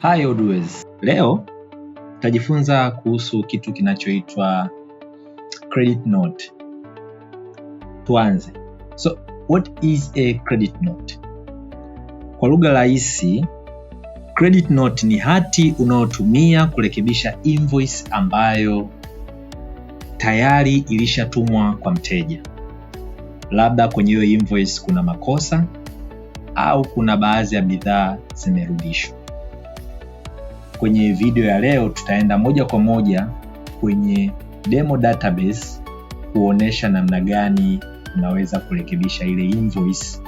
Hi Odwes. Leo tutajifunza kuhusu kitu kinachoitwa credit note. Tuanze. So, what is a credit note? Kwa lugha rahisi, credit note ni hati unaotumia kurekebisha invoice ambayo tayari ilishatumwa kwa mteja. Labda kwenye hiyo invoice kuna makosa au kuna baadhi ya bidhaa zimerudishwa. Kwenye video ya leo tutaenda moja kwa moja kwenye demo database kuonesha namna gani unaweza kurekebisha ile invoice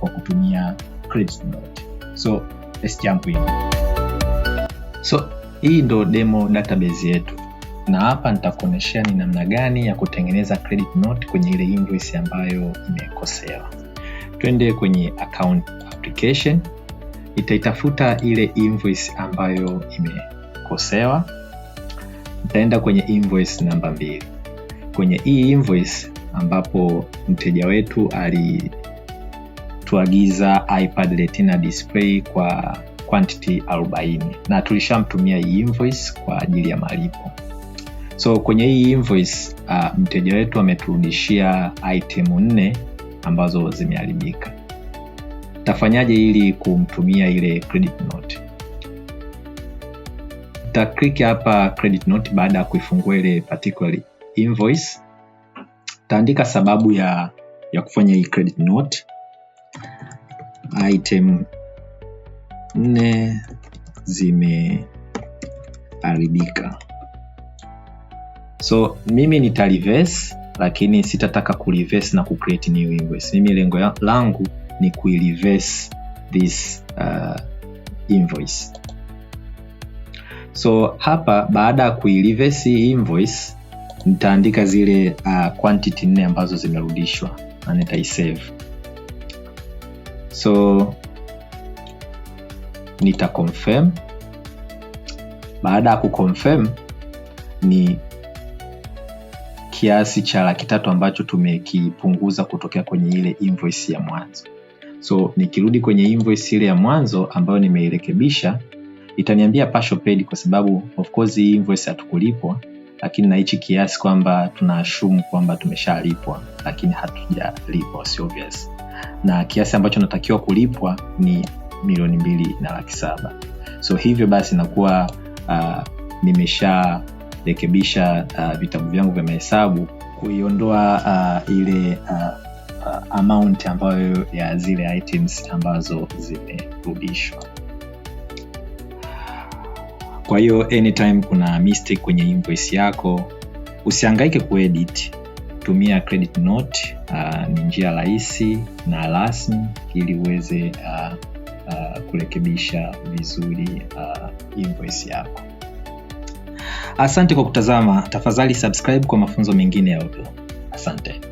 kwa kutumia Note. So let's jump in. So hii ndo demo database yetu, na hapa nitakuonyeshea ni namna gani ya kutengeneza credit note kwenye ile invoice ambayo imekosewa. Twende kwenye account application itaitafuta ile invoice ambayo imekosewa, nitaenda kwenye invoice namba mbili. Kwenye hii invoice ambapo mteja wetu alituagiza iPad Retina display kwa quantity 40 na tulishamtumia hii invoice kwa ajili ya malipo. So kwenye hii invoice uh, mteja wetu ameturudishia item nne ambazo zimeharibika. Tafanyaje ili kumtumia ile credit note? Ta click hapa credit note baada ya kuifungua ile particular invoice. Taandika sababu ya ya kufanya hii credit note. Item nne zimeharibika. So mimi nita lakini sitataka ku na kucreate new invoice. Mimi lengo langu ni kuireverse this uh, invoice. So hapa baada ya kuireverse hii invoice nitaandika zile uh, quantity nne ambazo zimerudishwa na nitaisave. So nita confirm. Baada ya kuconfirm ni kiasi cha laki tatu ambacho tumekipunguza kutokea kwenye ile invoice ya mwanzo. So nikirudi kwenye invoice ile ya mwanzo ambayo nimeirekebisha itaniambia partial paid kwa sababu of course hii invoice hatukulipwa, lakini na hichi kiasi kwamba tuna assume kwamba tumeshalipwa, lakini hatujalipwa, si obvious, na kiasi ambacho natakiwa kulipwa ni milioni mbili na laki saba. So hivyo basi nakuwa uh, nimesharekebisha uh, vitabu vyangu vya mahesabu kuiondoa uh, ile uh, uh, amount ambayo ya zile items ambazo zimerudishwa. Kwa hiyo anytime kuna mistake kwenye invoice yako usihangaike kuedit, tumia credit note. Uh, ni njia rahisi na rasmi ili uweze uh, uh, kurekebisha vizuri uh, invoice yako. Asante kwa kutazama. Tafadhali subscribe kwa mafunzo mengine ya Odoo. Asante.